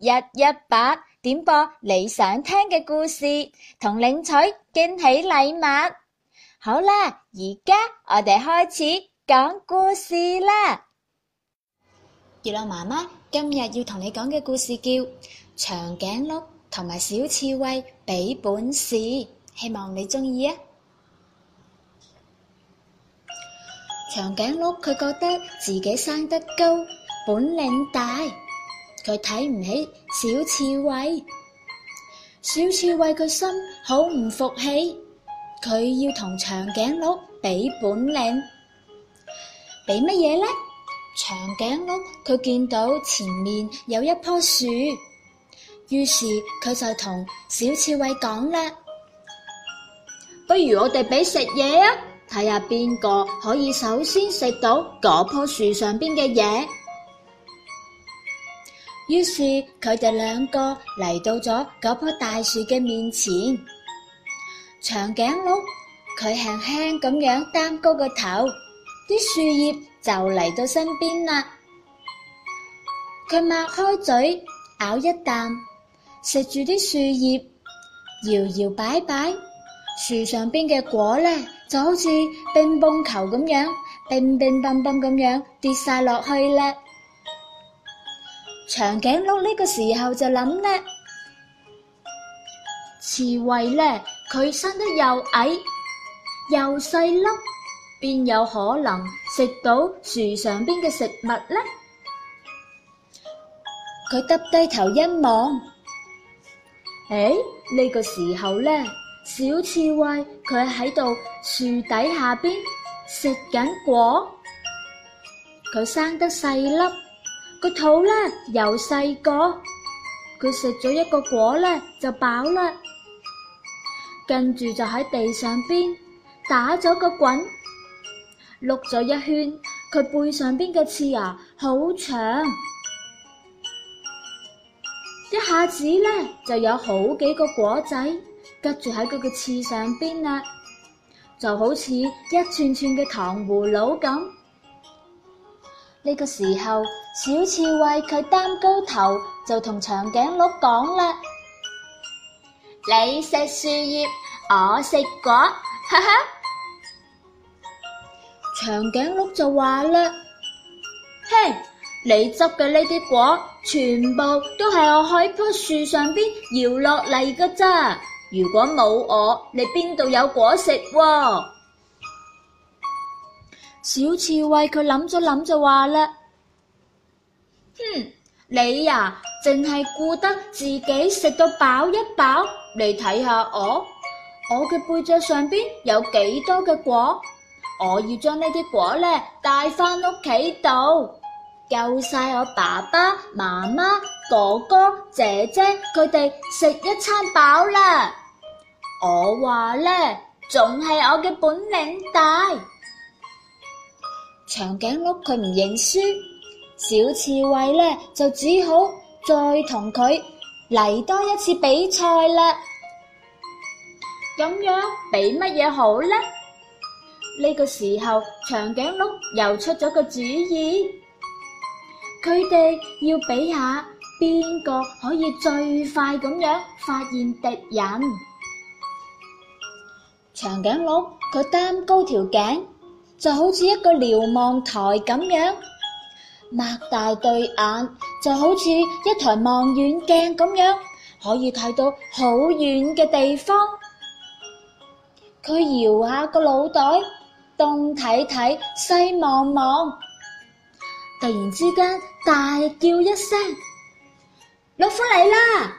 日一一八點播你想聽嘅故事，同領取驚喜禮物。好啦，而家我哋開始講故事啦。月亮媽媽今日要同你講嘅故事叫《長頸鹿同埋小刺蝟比本事》，希望你鍾意啊！長頸鹿佢覺得自己生得高，本領大。佢睇唔起小刺猬，小刺猬個心好唔服氣，佢要同長頸鹿比本領。比乜嘢咧？長頸鹿佢見到前面有一棵樹，於是佢就同小刺猬講啦：不如我哋比食嘢啊，睇下邊個可以首先食到嗰棵樹上邊嘅嘢。於是佢哋兩個嚟到咗嗰棵大樹嘅面前，長頸鹿佢輕輕咁樣擔高個頭，啲樹葉就嚟到身邊啦。佢擘開嘴咬一啖，食住啲樹葉，搖搖擺擺，樹上邊嘅果咧就好似乒乓球咁樣，乒乒乓乓咁樣跌晒落去啦。長頸鹿呢個時候就諗呢，刺猬呢，佢生得又矮又細粒，邊有可能食到樹上邊嘅食物呢？佢耷低頭一望，誒，呢個時候呢，小刺猬佢喺度樹底下邊食緊果，佢生得細粒。個肚咧又細個，佢食咗一個果咧就飽啦，跟住就喺地上邊打咗個滾，碌咗一圈，佢背上邊嘅刺牙、啊、好長，一下子咧就有好幾個果仔夾住喺佢嘅刺上邊啦，就好似一串串嘅糖葫蘆咁。呢個時候，小刺猬佢擔高頭就同長頸鹿講啦：，你食樹葉，我食果，哈哈。長頸鹿就話啦：，嘿，hey, 你執嘅呢啲果，全部都係我喺棵樹上邊搖落嚟嘅啫。如果冇我，你邊度有果食？小刺猬佢諗咗諗就話啦：哼，你呀淨係顧得自己食到飽一飽，你睇下我，我嘅背脊上邊有幾多嘅果，我要將呢啲果咧帶翻屋企度，夠晒我爸爸媽媽哥哥姐姐佢哋食一餐飽啦。我話咧，仲係我嘅本領大。長頸鹿佢唔認輸，小刺猬咧就只好再同佢嚟多一次比賽啦。咁樣比乜嘢好咧？呢個時候長頸鹿又出咗個主意，佢哋要比下邊個可以最快咁樣發現敵人。長頸鹿佢擔高條頸。就好似一個瞭望台咁樣，擘大對眼，就好似一台望遠鏡咁樣，可以睇到好遠嘅地方。佢搖下個腦袋，東睇睇，西望望，突然之間大叫一聲：老虎嚟啦！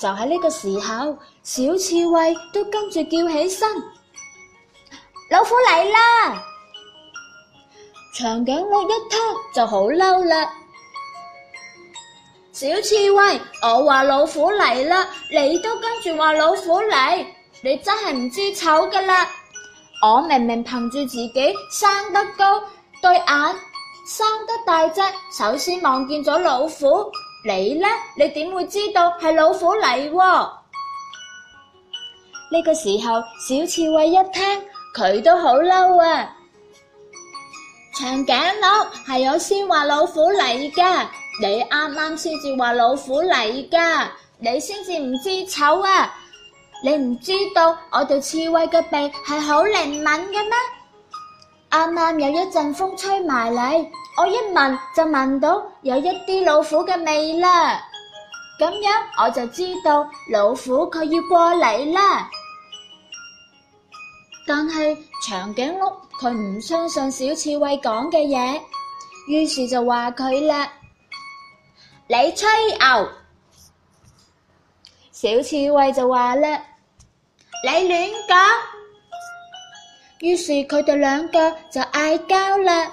就喺呢個時候，小刺猬都跟住叫起身。老虎嚟啦！長頸鹿一聽就好嬲啦。小刺猬，我話老虎嚟啦，你都跟住話老虎嚟，你真係唔知醜噶啦。我明明憑住自己生得高，對眼生得大啫，首先望見咗老虎。你呢？你點會知道係老虎嚟喎？呢個時候，小刺猬一聽。佢都好嬲啊！長頸鹿係我先話老虎嚟噶，你啱啱先至話老虎嚟噶，你先至唔知醜啊！你唔知道我哋刺猬嘅鼻係好靈敏嘅咩？啱、啊、啱、啊、有一陣風吹埋嚟，我一聞就聞到有一啲老虎嘅味啦，咁樣我就知道老虎佢要過嚟啦。但係長頸鹿佢唔相信小刺猬講嘅嘢，於是就話佢啦：你吹牛！小刺猬就話啦：你亂講！於是佢哋兩個就嗌交啦。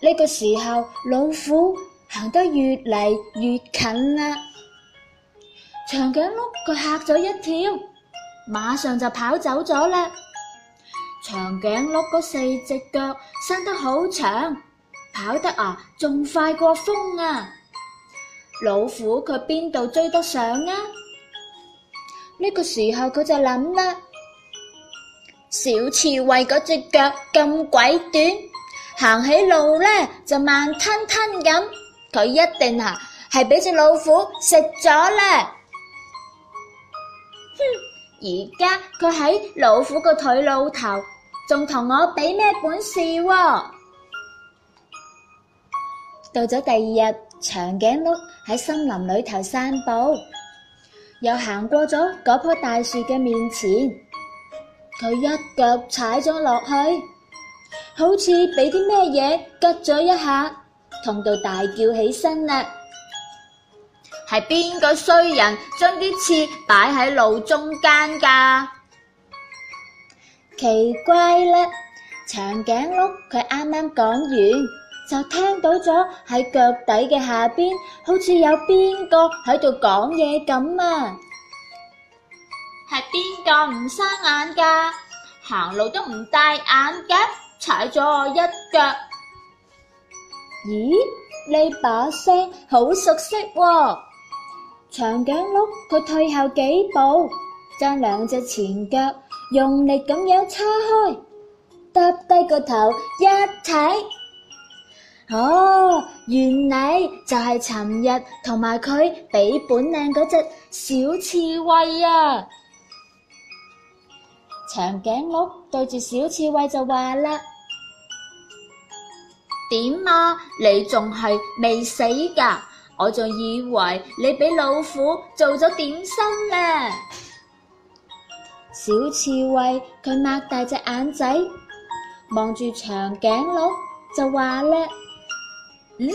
呢個時候，老虎行得越嚟越近啦，長頸鹿佢嚇咗一跳，馬上就跑走咗啦。長頸鹿嗰四隻腳伸得好長，跑得啊仲快過風啊！老虎佢邊度追得上啊？呢個時候佢就諗啦：小刺猬嗰隻腳咁鬼短，行起路咧就慢吞吞咁，佢一定啊係俾隻老虎食咗啦！哼，而家佢喺老虎個腿裏頭。仲同我比咩本事？到咗第二日，長頸鹿喺森林裏頭散步，又行過咗嗰棵大樹嘅面前，佢一腳踩咗落去，好似俾啲咩嘢拮咗一下，痛到大叫起身啦！係邊個衰人將啲刺擺喺路中間噶？奇怪啦，長頸鹿佢啱啱講完，就聽到咗喺腳底嘅下邊，好似有邊個喺度講嘢咁啊！係邊個唔生眼噶？行路都唔戴眼鏡，踩咗我一腳。咦，呢把聲好熟悉喎！啊！長頸鹿佢退後幾步，將兩隻前腳。用力咁樣叉開，耷低個頭一睇，哦，原嚟就係尋日同埋佢比本領嗰隻小刺猬啊！長頸鹿對住小刺猬就話啦：點啊？你仲係未死噶？我仲以為你俾老虎做咗點心呢？小刺猬佢擘大隻眼仔望住長頸鹿就話叻：嗯，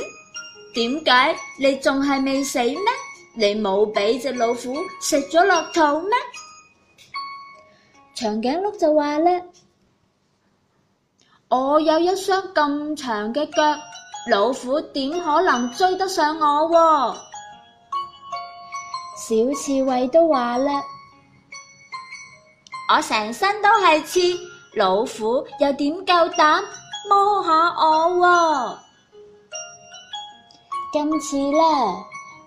點解你仲係未死咩？你冇俾隻老虎食咗落肚咩？長頸鹿就話叻，我有一雙咁長嘅腳，老虎點可能追得上我？小刺猬都話叻！」我成身都係刺，老虎又點夠膽摸下我？今次咧，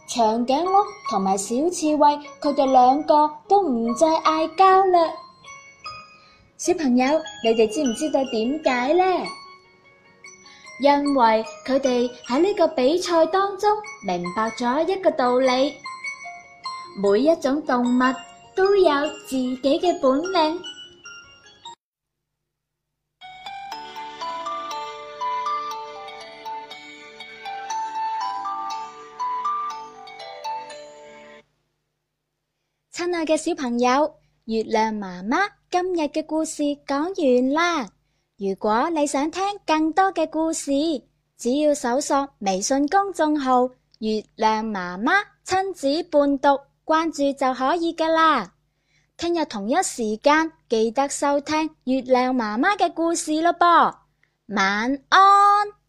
長頸鹿同埋小刺猬佢哋兩個都唔再嗌交啦。小朋友，你哋知唔知道點解咧？因為佢哋喺呢個比賽當中明白咗一個道理：每一種動物。都有自己嘅本領，親愛嘅小朋友，月亮媽媽今日嘅故事講完啦。如果你想聽更多嘅故事，只要搜索微信公眾號“月亮媽媽親子伴讀”。關注就可以噶啦，聽日同一時間記得收聽月亮媽媽嘅故事咯，噃，晚安。